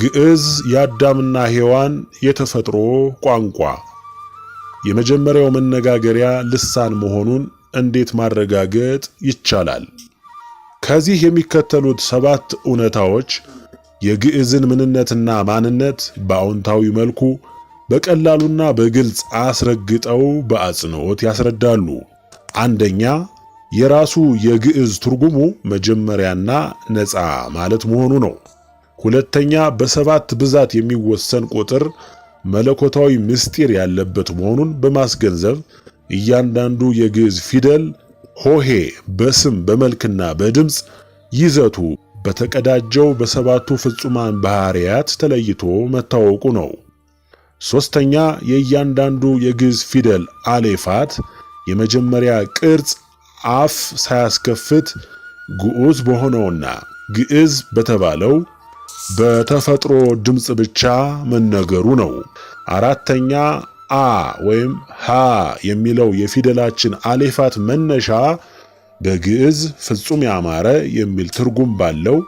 ግዕዝ የአዳምና ሔዋን የተፈጥሮ ቋንቋ የመጀመሪያው መነጋገሪያ ልሳን መሆኑን እንዴት ማረጋገጥ ይቻላል? ከዚህ የሚከተሉት ሰባት እውነታዎች የግዕዝን ምንነትና ማንነት በአዎንታዊ መልኩ በቀላሉና በግልጽ አስረግጠው በአጽንዖት ያስረዳሉ። አንደኛ፣ የራሱ የግዕዝ ትርጉሙ መጀመሪያና ነፃ ማለት መሆኑ ነው። ሁለተኛ በሰባት ብዛት የሚወሰን ቁጥር መለኮታዊ ምስጢር ያለበት መሆኑን በማስገንዘብ እያንዳንዱ የግዕዝ ፊደል ሆሄ በስም በመልክና በድምፅ ይዘቱ በተቀዳጀው በሰባቱ ፍጹማን ባህሪያት ተለይቶ መታወቁ ነው። ሦስተኛ የእያንዳንዱ የግዕዝ ፊደል አሌፋት የመጀመሪያ ቅርጽ አፍ ሳያስከፍት ግዑዝ በሆነውና ግዕዝ በተባለው በተፈጥሮ ድምፅ ብቻ መነገሩ ነው። አራተኛ አ ወይም ሃ የሚለው የፊደላችን አሌፋት መነሻ በግዕዝ ፍጹም ያማረ የሚል ትርጉም ባለው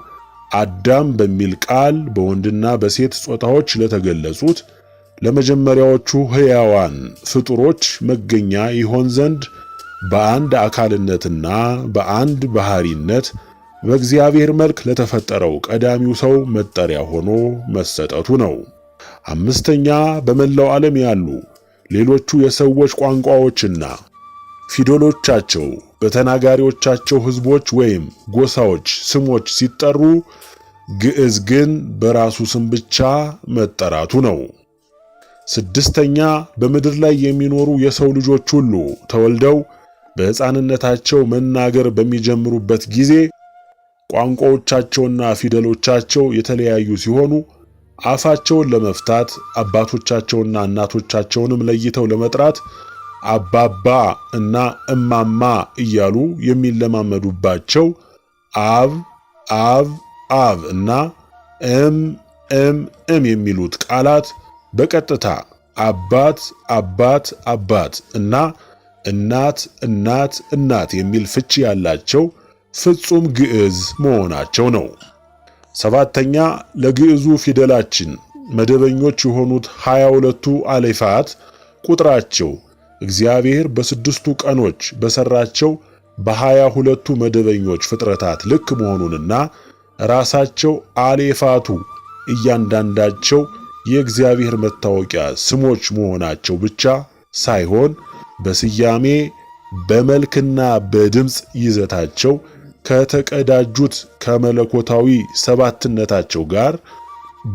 አዳም በሚል ቃል በወንድና በሴት ጾታዎች ለተገለጹት ለመጀመሪያዎቹ ሕያዋን ፍጡሮች መገኛ ይሆን ዘንድ በአንድ አካልነትና በአንድ ባህሪነት በእግዚአብሔር መልክ ለተፈጠረው ቀዳሚው ሰው መጠሪያ ሆኖ መሰጠቱ ነው። አምስተኛ በመላው ዓለም ያሉ ሌሎቹ የሰዎች ቋንቋዎችና ፊደሎቻቸው በተናጋሪዎቻቸው ህዝቦች ወይም ጎሳዎች ስሞች ሲጠሩ ግዕዝ ግን በራሱ ስም ብቻ መጠራቱ ነው። ስድስተኛ በምድር ላይ የሚኖሩ የሰው ልጆች ሁሉ ተወልደው በሕፃንነታቸው መናገር በሚጀምሩበት ጊዜ ቋንቋዎቻቸውና ፊደሎቻቸው የተለያዩ ሲሆኑ አፋቸውን ለመፍታት አባቶቻቸውና እናቶቻቸውንም ለይተው ለመጥራት አባባ እና እማማ እያሉ የሚለማመዱባቸው አብ አብ አብ እና እም እም እም የሚሉት ቃላት በቀጥታ አባት አባት አባት እና እናት እናት እናት የሚል ፍቺ ያላቸው ፍጹም ግዕዝ መሆናቸው ነው። ሰባተኛ ለግዕዙ ፊደላችን መደበኞች የሆኑት ሃያ ሁለቱ አሌፋት ቁጥራቸው እግዚአብሔር በስድስቱ ቀኖች በሰራቸው በሃያ ሁለቱ መደበኞች ፍጥረታት ልክ መሆኑንና ራሳቸው አሌፋቱ እያንዳንዳቸው የእግዚአብሔር መታወቂያ ስሞች መሆናቸው ብቻ ሳይሆን በስያሜ በመልክና በድምፅ ይዘታቸው ከተቀዳጁት ከመለኮታዊ ሰባትነታቸው ጋር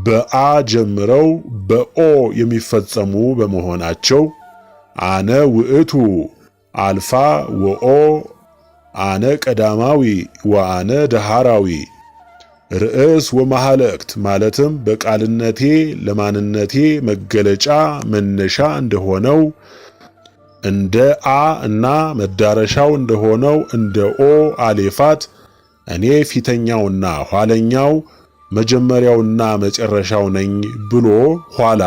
በአ ጀምረው በኦ የሚፈጸሙ በመሆናቸው አነ ውእቱ አልፋ ወኦ፣ አነ ቀዳማዊ ወአነ ደሃራዊ ርዕስ ወማህለቅት ማለትም በቃልነቴ ለማንነቴ መገለጫ መነሻ እንደሆነው እንደ አ እና መዳረሻው እንደሆነው እንደ ኦ አሌፋት እኔ ፊተኛውና ኋለኛው መጀመሪያውና መጨረሻው ነኝ ብሎ ኋላ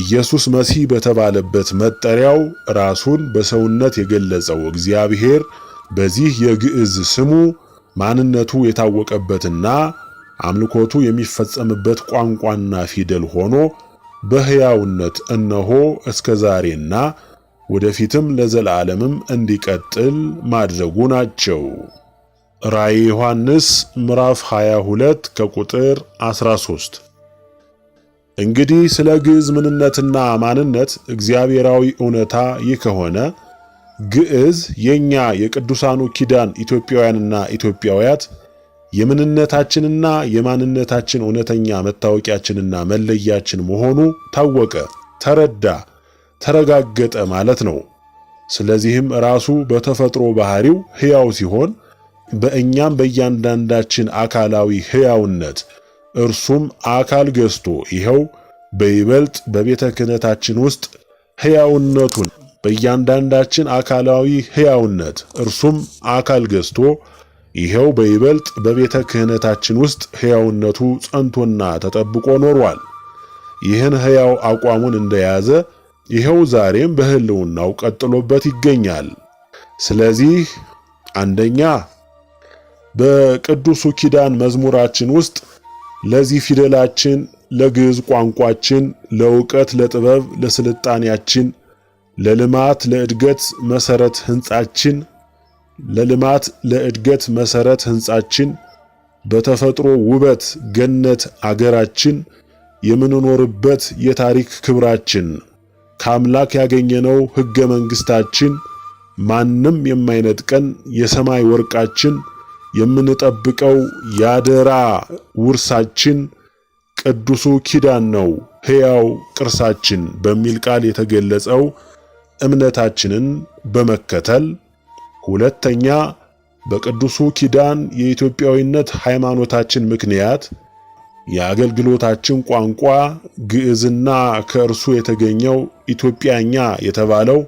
ኢየሱስ መሲህ በተባለበት መጠሪያው ራሱን በሰውነት የገለጸው እግዚአብሔር በዚህ የግዕዝ ስሙ ማንነቱ የታወቀበትና አምልኮቱ የሚፈጸምበት ቋንቋና ፊደል ሆኖ በሕያውነት እነሆ እስከ ዛሬና ወደፊትም ለዘላለምም እንዲቀጥል ማድረጉ ናቸው። ራእይ ዮሐንስ ምዕራፍ 22 ከቁጥር 13። እንግዲህ ስለ ግዕዝ ምንነትና ማንነት እግዚአብሔራዊ እውነታ ይህ ከሆነ ግዕዝ የኛ የቅዱሳኑ ኪዳን ኢትዮጵያውያንና ኢትዮጵያውያት የምንነታችንና የማንነታችን እውነተኛ መታወቂያችንና መለያችን መሆኑ ታወቀ፣ ተረዳ። ተረጋገጠ ማለት ነው። ስለዚህም ራሱ በተፈጥሮ ባህሪው ሕያው ሲሆን በእኛም በእያንዳንዳችን አካላዊ ሕያውነት እርሱም አካል ገዝቶ ይኸው በይበልጥ በቤተ ክህነታችን ውስጥ ሕያውነቱን በእያንዳንዳችን አካላዊ ሕያውነት እርሱም አካል ገዝቶ ይኸው በይበልጥ በቤተ ክህነታችን ውስጥ ሕያውነቱ ጸንቶና ተጠብቆ ኖሯል። ይህን ሕያው አቋሙን እንደያዘ ይኸው ዛሬም በህልውናው ቀጥሎበት ይገኛል። ስለዚህ አንደኛ በቅዱሱ ኪዳን መዝሙራችን ውስጥ ለዚህ ፊደላችን፣ ለግዕዝ ቋንቋችን፣ ለእውቀት፣ ለጥበብ፣ ለስልጣኔያችን፣ ለልማት፣ ለእድገት መሰረት ህንጻችን ለልማት ለእድገት መሰረት ህንጻችን በተፈጥሮ ውበት ገነት አገራችን የምንኖርበት የታሪክ ክብራችን ከአምላክ ያገኘነው ሕገ መንግሥታችን ማንም የማይነጥቀን የሰማይ ወርቃችን የምንጠብቀው ያደራ ውርሳችን ቅዱሱ ኪዳን ነው ሕያው ቅርሳችን በሚል ቃል የተገለጸው እምነታችንን በመከተል ሁለተኛ በቅዱሱ ኪዳን የኢትዮጵያዊነት ሃይማኖታችን ምክንያት የአገልግሎታችን ቋንቋ ግዕዝና ከእርሱ የተገኘው ኢትዮጵያኛ የተባለው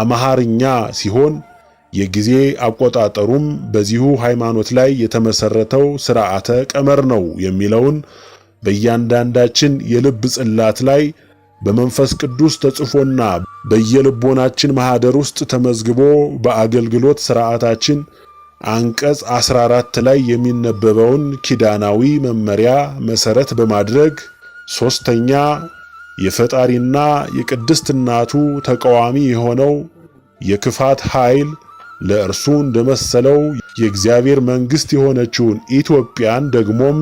አማሃርኛ ሲሆን የጊዜ አቆጣጠሩም በዚሁ ሃይማኖት ላይ የተመሰረተው ስርዓተ ቀመር ነው የሚለውን በእያንዳንዳችን የልብ ጽላት ላይ በመንፈስ ቅዱስ ተጽፎና በየልቦናችን ማኅደር ውስጥ ተመዝግቦ በአገልግሎት ስርዓታችን አንቀጽ 14 ላይ የሚነበበውን ኪዳናዊ መመሪያ መሰረት በማድረግ ሶስተኛ የፈጣሪና የቅድስት እናቱ ተቃዋሚ የሆነው የክፋት ኃይል ለእርሱ እንደመሰለው የእግዚአብሔር መንግሥት የሆነችውን ኢትዮጵያን ደግሞም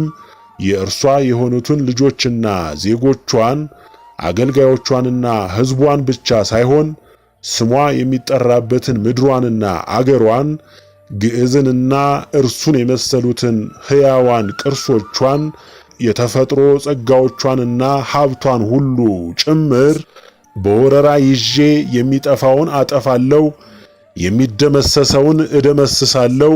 የእርሷ የሆኑትን ልጆችና ዜጎቿን አገልጋዮቿንና ሕዝቧን ብቻ ሳይሆን ስሟ የሚጠራበትን ምድሯንና አገሯን ግዕዝንና እርሱን የመሰሉትን ሕያዋን ቅርሶቿን የተፈጥሮ ጸጋዎቿንና ሀብቷን ሁሉ ጭምር በወረራ ይዤ የሚጠፋውን አጠፋለው፣ የሚደመሰሰውን እደመስሳለው፣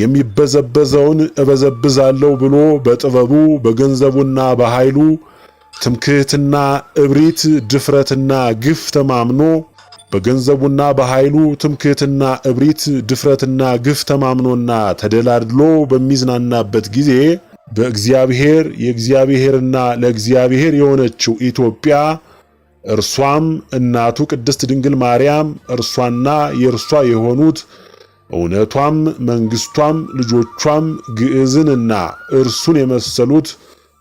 የሚበዘበዘውን እበዘብዛለሁ ብሎ በጥበቡ በገንዘቡና በኃይሉ ትምክህትና እብሪት ድፍረትና ግፍ ተማምኖ በገንዘቡና በኃይሉ ትምክህትና እብሪት፣ ድፍረትና ግፍ ተማምኖና ተደላድሎ በሚዝናናበት ጊዜ በእግዚአብሔር የእግዚአብሔርና ለእግዚአብሔር የሆነችው ኢትዮጵያ እርሷም እናቱ ቅድስት ድንግል ማርያም እርሷና የእርሷ የሆኑት እውነቷም መንግስቷም ልጆቿም ግዕዝንና እርሱን የመሰሉት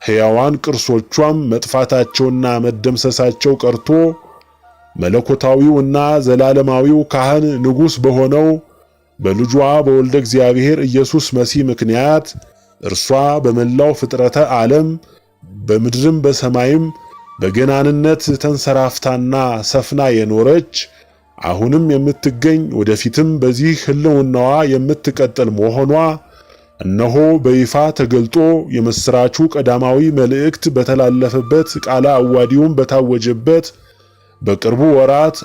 ሕያዋን ቅርሶቿም መጥፋታቸውና መደምሰሳቸው ቀርቶ መለኮታዊው እና ዘላለማዊው ካህን ንጉሥ በሆነው በልጇ በወልደ እግዚአብሔር ኢየሱስ መሲህ ምክንያት እርሷ በመላው ፍጥረተ ዓለም በምድርም በሰማይም በገናንነት ተንሰራፍታና ሰፍና የኖረች አሁንም የምትገኝ ወደፊትም በዚህ ሕልውናዋ የምትቀጥል መሆኗ እነሆ በይፋ ተገልጦ የምሥራቹ ቀዳማዊ መልእክት በተላለፈበት ቃለ አዋዲውም በታወጀበት በቅርቡ ወራት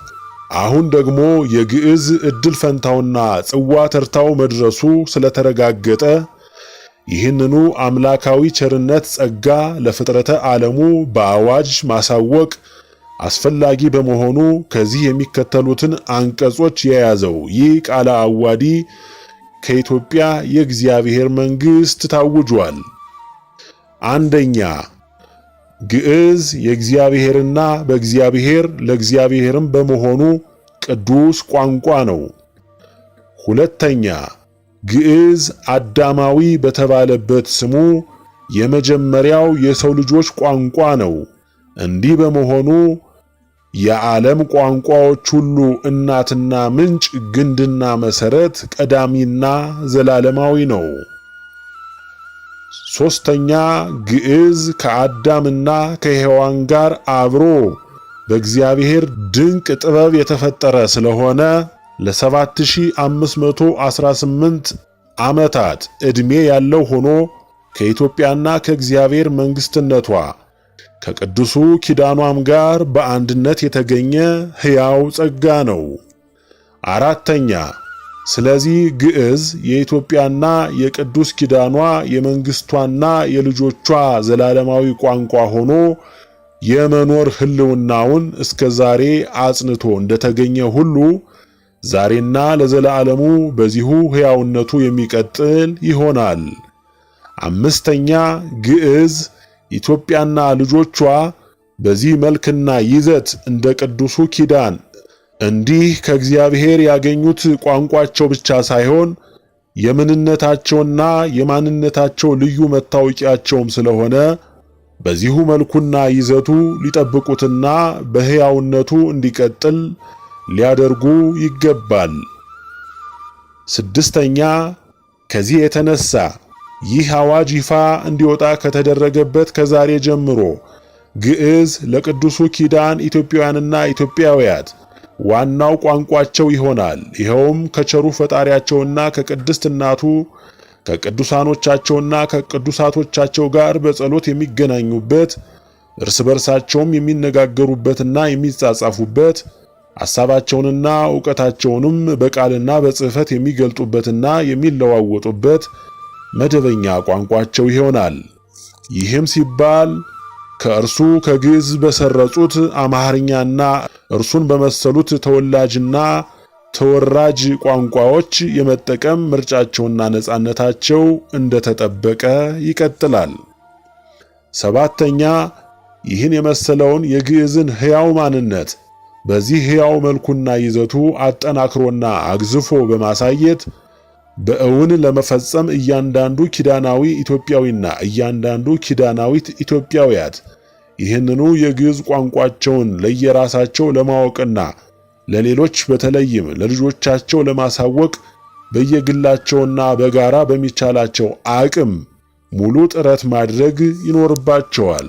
አሁን ደግሞ የግዕዝ ዕድል ፈንታውና ጽዋ ተርታው መድረሱ ስለተረጋገጠ ይህንኑ አምላካዊ ቸርነት ጸጋ ለፍጥረተ ዓለሙ በአዋጅ ማሳወቅ አስፈላጊ በመሆኑ ከዚህ የሚከተሉትን አንቀጾች የያዘው ይህ ቃለ አዋዲ ከኢትዮጵያ የእግዚአብሔር መንግሥት ታውጇል። አንደኛ ግዕዝ የእግዚአብሔርና በእግዚአብሔር ለእግዚአብሔርም በመሆኑ ቅዱስ ቋንቋ ነው። ሁለተኛ ግዕዝ አዳማዊ በተባለበት ስሙ የመጀመሪያው የሰው ልጆች ቋንቋ ነው። እንዲህ በመሆኑ የዓለም ቋንቋዎች ሁሉ እናትና ምንጭ፣ ግንድና መሰረት፣ ቀዳሚና ዘላለማዊ ነው። ሦስተኛ ግዕዝ ከአዳምና ከሔዋን ጋር አብሮ በእግዚአብሔር ድንቅ ጥበብ የተፈጠረ ስለሆነ ለ7518 ዓመታት ዕድሜ ያለው ሆኖ ከኢትዮጵያና ከእግዚአብሔር መንግሥትነቷ ከቅዱሱ ኪዳኗም ጋር በአንድነት የተገኘ ሕያው ጸጋ ነው። አራተኛ ስለዚህ ግዕዝ የኢትዮጵያና የቅዱስ ኪዳኗ የመንግስቷና የልጆቿ ዘላለማዊ ቋንቋ ሆኖ የመኖር ህልውናውን እስከ ዛሬ አጽንቶ እንደተገኘ ሁሉ ዛሬና ለዘላለሙ በዚሁ ሕያውነቱ የሚቀጥል ይሆናል። አምስተኛ ግዕዝ ኢትዮጵያና ልጆቿ በዚህ መልክና ይዘት እንደ ቅዱሱ ኪዳን እንዲህ ከእግዚአብሔር ያገኙት ቋንቋቸው ብቻ ሳይሆን የምንነታቸውና የማንነታቸው ልዩ መታወቂያቸውም ስለሆነ በዚሁ መልኩና ይዘቱ ሊጠብቁትና በሕያውነቱ እንዲቀጥል ሊያደርጉ ይገባል። ስድስተኛ ከዚህ የተነሳ ይህ አዋጅ ይፋ እንዲወጣ ከተደረገበት ከዛሬ ጀምሮ ግዕዝ ለቅዱሱ ኪዳን ኢትዮጵያውያንና ኢትዮጵያውያት ዋናው ቋንቋቸው ይሆናል። ይኸውም ከቸሩ ፈጣሪያቸውና ከቅድስት እናቱ ከቅዱሳኖቻቸውና ከቅዱሳቶቻቸው ጋር በጸሎት የሚገናኙበት እርስ በርሳቸውም የሚነጋገሩበትና የሚጻጻፉበት ሐሳባቸውንና ዕውቀታቸውንም በቃልና በጽሕፈት የሚገልጡበትና የሚለዋወጡበት መደበኛ ቋንቋቸው ይሆናል። ይህም ሲባል ከእርሱ ከግዕዝ በሰረጹት አማርኛና እርሱን በመሰሉት ተወላጅና ተወራጅ ቋንቋዎች የመጠቀም ምርጫቸውና ነጻነታቸው እንደተጠበቀ ይቀጥላል። ሰባተኛ ይህን የመሰለውን የግዕዝን ሕያው ማንነት በዚህ ሕያው መልኩና ይዘቱ አጠናክሮና አግዝፎ በማሳየት በእውን ለመፈጸም እያንዳንዱ ኪዳናዊ ኢትዮጵያዊና እያንዳንዱ ኪዳናዊት ኢትዮጵያውያት ይህንኑ የግዕዝ ቋንቋቸውን ለየራሳቸው ለማወቅና ለሌሎች በተለይም ለልጆቻቸው ለማሳወቅ በየግላቸውና በጋራ በሚቻላቸው አቅም ሙሉ ጥረት ማድረግ ይኖርባቸዋል።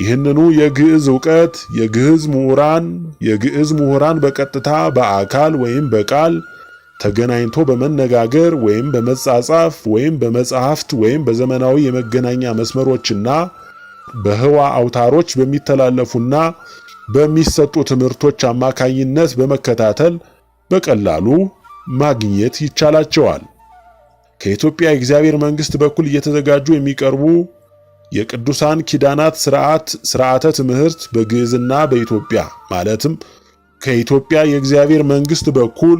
ይህንኑ የግዕዝ ዕውቀት የግዕዝ ምሁራን የግዕዝ ምሁራን በቀጥታ በአካል ወይም በቃል ተገናኝቶ በመነጋገር ወይም በመጻጻፍ ወይም በመጽሐፍት ወይም በዘመናዊ የመገናኛ መስመሮችና በህዋ አውታሮች በሚተላለፉና በሚሰጡ ትምህርቶች አማካኝነት በመከታተል በቀላሉ ማግኘት ይቻላቸዋል። ከኢትዮጵያ የእግዚአብሔር መንግሥት በኩል እየተዘጋጁ የሚቀርቡ የቅዱሳን ኪዳናት ስርዓት ስርዓተ ትምህርት በግዕዝና በኢትዮጵያ ማለትም ከኢትዮጵያ የእግዚአብሔር መንግሥት በኩል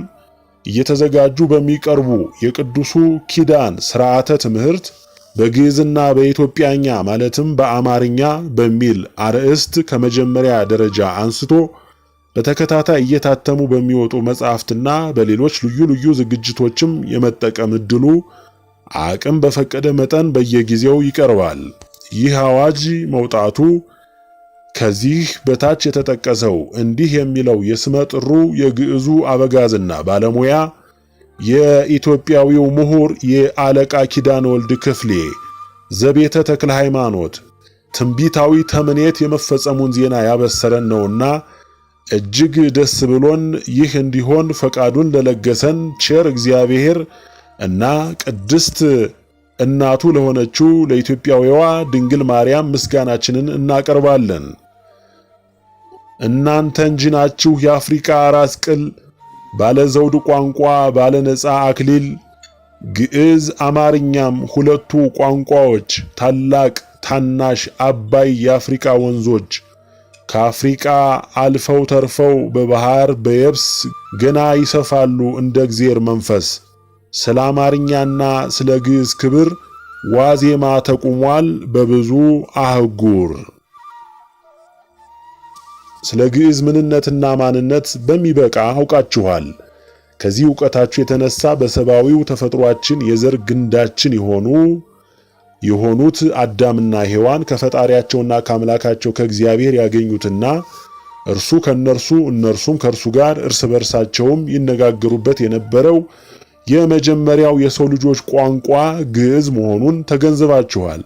እየተዘጋጁ በሚቀርቡ የቅዱሱ ኪዳን ስርዓተ ትምህርት በግዕዝና በኢትዮጵያኛ ማለትም በአማርኛ በሚል አርዕስት ከመጀመሪያ ደረጃ አንስቶ በተከታታይ እየታተሙ በሚወጡ መጻሕፍትና በሌሎች ልዩ ልዩ ዝግጅቶችም የመጠቀም እድሉ አቅም በፈቀደ መጠን በየጊዜው ይቀርባል። ይህ አዋጅ መውጣቱ ከዚህ በታች የተጠቀሰው እንዲህ የሚለው የስመ ጥሩ የግዕዙ አበጋዝና ባለሙያ የኢትዮጵያዊው ምሁር የአለቃ ኪዳን ወልድ ክፍሌ ዘቤተ ተክለ ሃይማኖት ትንቢታዊ ተምኔት የመፈጸሙን ዜና ያበሰረን ነውና እጅግ ደስ ብሎን ይህ እንዲሆን ፈቃዱን ለለገሰን ቸር እግዚአብሔር እና ቅድስት እናቱ ለሆነችው ለኢትዮጵያዊዋ ድንግል ማርያም ምስጋናችንን እናቀርባለን። እናንተ እንጂ ናችሁ የአፍሪካ ራስ ቅል ባለ ዘውድ ቋንቋ ባለ ነፃ አክሊል ግዕዝ አማርኛም ሁለቱ ቋንቋዎች ታላቅ ታናሽ አባይ የአፍሪካ ወንዞች ከአፍሪቃ አልፈው ተርፈው በባህር በየብስ ገና ይሰፋሉ እንደ እግዜር መንፈስ። ስለ አማርኛና ስለ ግዕዝ ክብር ዋዜማ ተቁሟል በብዙ አህጉር። ስለ ግዕዝ ምንነትና ማንነት በሚበቃ አውቃችኋል። ከዚህ ዕውቀታችሁ የተነሳ በሰብአዊው ተፈጥሯችን የዘር ግንዳችን የሆኑ የሆኑት አዳምና ሔዋን ከፈጣሪያቸውና ከአምላካቸው ከእግዚአብሔር ያገኙትና እርሱ ከነርሱ እነርሱም ከእርሱ ጋር እርስ በርሳቸውም ይነጋገሩበት የነበረው የመጀመሪያው የሰው ልጆች ቋንቋ ግዕዝ መሆኑን ተገንዝባችኋል።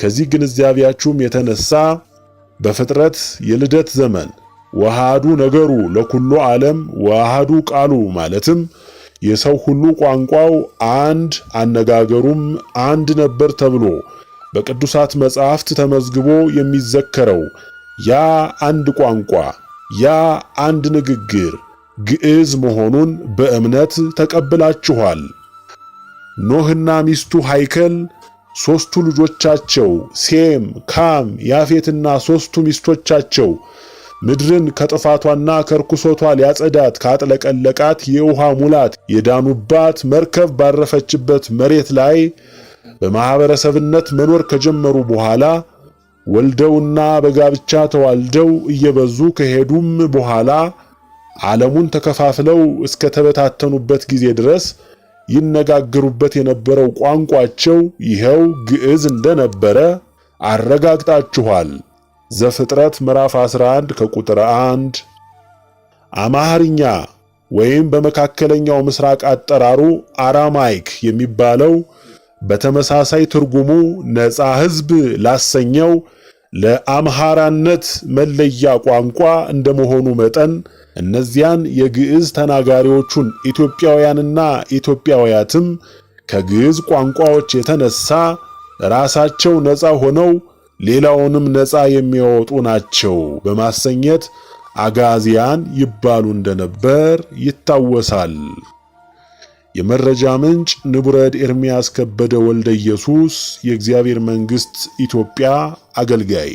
ከዚህ ግንዛቤያችሁም የተነሳ በፍጥረት የልደት ዘመን ወሃዱ ነገሩ ለኩሉ ዓለም ወሃዱ ቃሉ ማለትም የሰው ሁሉ ቋንቋው አንድ አነጋገሩም አንድ ነበር ተብሎ በቅዱሳት መጻሕፍት ተመዝግቦ የሚዘከረው ያ አንድ ቋንቋ ያ አንድ ንግግር ግዕዝ መሆኑን በእምነት ተቀብላችኋል። ኖህና ሚስቱ ሃይከል ሦስቱ ልጆቻቸው ሴም፣ ካም፣ ያፌትና ሦስቱ ሚስቶቻቸው ምድርን ከጥፋቷና ከርኩሶቷ ሊያጸዳት ካጥለቀለቃት የውሃ ሙላት የዳኑባት መርከብ ባረፈችበት መሬት ላይ በማኅበረሰብነት መኖር ከጀመሩ በኋላ ወልደውና በጋብቻ ተዋልደው እየበዙ ከሄዱም በኋላ ዓለሙን ተከፋፍለው እስከ ተበታተኑበት ጊዜ ድረስ ይነጋገሩበት የነበረው ቋንቋቸው ይኸው ግዕዝ እንደነበረ አረጋግጣችኋል። ዘፍጥረት ምዕራፍ 11 ከቁጥር 1። አማርኛ ወይም በመካከለኛው ምስራቅ አጠራሩ አራማይክ የሚባለው በተመሳሳይ ትርጉሙ ነፃ ሕዝብ ላሰኘው ለአምሃራነት መለያ ቋንቋ እንደመሆኑ መጠን እነዚያን የግዕዝ ተናጋሪዎቹን ኢትዮጵያውያንና ኢትዮጵያውያትም ከግዕዝ ቋንቋዎች የተነሳ ራሳቸው ነፃ ሆነው ሌላውንም ነፃ የሚያወጡ ናቸው በማሰኘት አጋዚያን ይባሉ እንደነበር ይታወሳል። የመረጃ ምንጭ ንቡረድ ኤርምያስ ከበደ ወልደ ኢየሱስ የእግዚአብሔር መንግሥት ኢትዮጵያ አገልጋይ